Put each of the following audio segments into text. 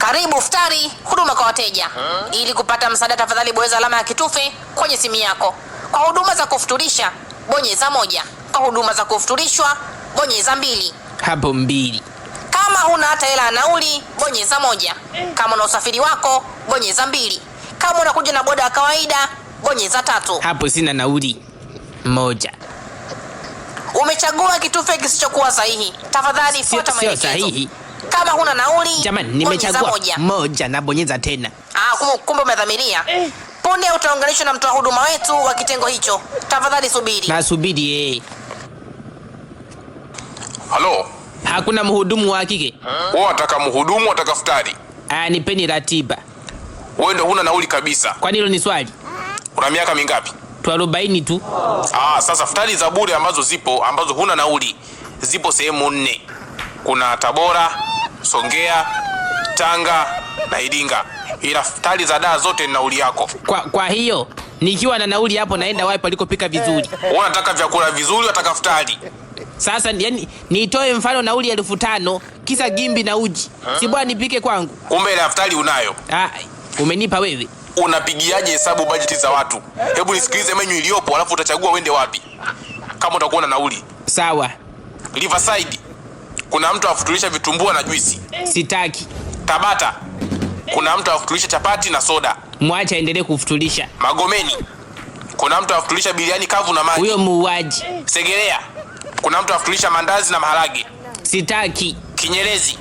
Karibu ftari huduma kwa wateja. huh? Ili kupata msaada, tafadhali bonyeza alama ya kitufe kwenye simu yako. Kwa huduma za kufuturisha bonyeza moja. Kwa huduma za kufuturishwa bonyeza mbili. Hapo mbili. Kama huna hata hela ya nauli bonyeza moja. Kama una usafiri wako bonyeza mbili. Kama unakuja na boda ya kawaida bonyeza tatu. Hapo sina nauli moja. Umechagua kitufe kisichokuwa sahihi. Tafadhali fuata maelekezo. Kama huna nauli, jamani, nimechagua moja, moja nabonyeza tena. Ah, kumbe umedhamiria eh. Punde utaunganishwa na mtoa huduma wetu wa kitengo hicho. Tafadhali subiri. Nasubiri eh. Halo, hakuna mhudumu wa kike? Wao Ataka mhudumu, wataka futari? Ah, nipeni ratiba. Wewe ndo huna nauli kabisa. Kwani hilo ni swali? Una miaka mingapi? Tu arobaini tu. Ah, sasa futari za bure ambazo zipo ambazo huna nauli zipo sehemu nne. Kuna Tabora, Songea, Tanga na Iringa, ila stari za daa zote ni nauli yako. Kwa, kwa hiyo nikiwa na nauli hapo naenda wapi palikopika vizuri? Wanataka vyakula vizuri, wataka futari sasa yani, nitoe mfano nauli elfu tano kisa gimbi na uji, si bwana nipike kwangu? Kumbe ile daftari unayo. Ah, umenipa wewe. Unapigiaje hesabu bajeti za watu? Hebu nisikilize menyu iliyopo, alafu utachagua uende wapi, kama utakuwa na nauli. Sawa, Riverside kuna mtu akutulisha vitumbua na juisi. Sitaki. Tabata kuna mtu akutulisha chapati na soda. Mwache aendelee kufutulisha. Magomeni kuna mtu akutulisha biriani kavu na maji. Huyo muuaji. Segerea kuna mtu akutulisha mandazi na maharage. Sitaki. Kinyerezi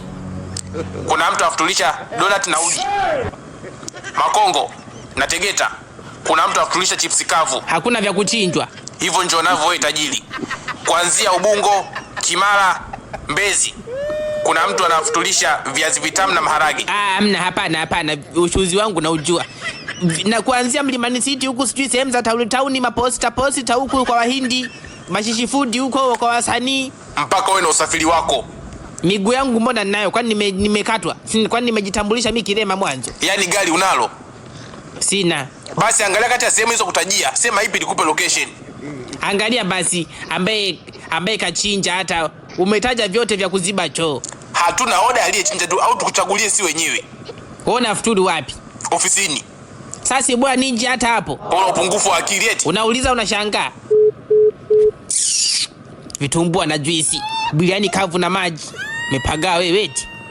kuna mtu akutulisha donut na uji. Makongo na Tegeta kuna mtu akutulisha chipsi kavu. Hakuna vya kuchinjwa. Hivyo ndio navyo tajiri, kuanzia Ubungo Kimara Mbezi kuna mtu anafutulisha viazi vitamu na maharage. Ah, amna, hapana, hapana, uchuzi wangu naujua na kuanzia Mlimani City huku, sijui sehemu za Town tauni, maposta posta huku kwa Wahindi, mashishi food huko kwa wasanii. Mpaka wewe na usafiri wako. Miguu yangu mbona ninayo? Kwani nimekatwa? Nime kwani nimejitambulisha mimi kilema mwanzo? Yaani gari unalo? Sina. Basi angalia kati ya sehemu hizo kutajia, sema ipi nikupe location. Angalia basi ambaye ambaye kachinja hata Umetaja vyote vya kuziba choo. Hatuna oda aliyechinja tu au tukuchagulie si wenyewe. Unaona futuru wapi? Ofisini. Sasa bwana ninje hata hapo. Una upungufu wa akili eti. Unauliza unashangaa. Vitumbua na juisi, biliani kavu na maji. Mepagaa wewe eti.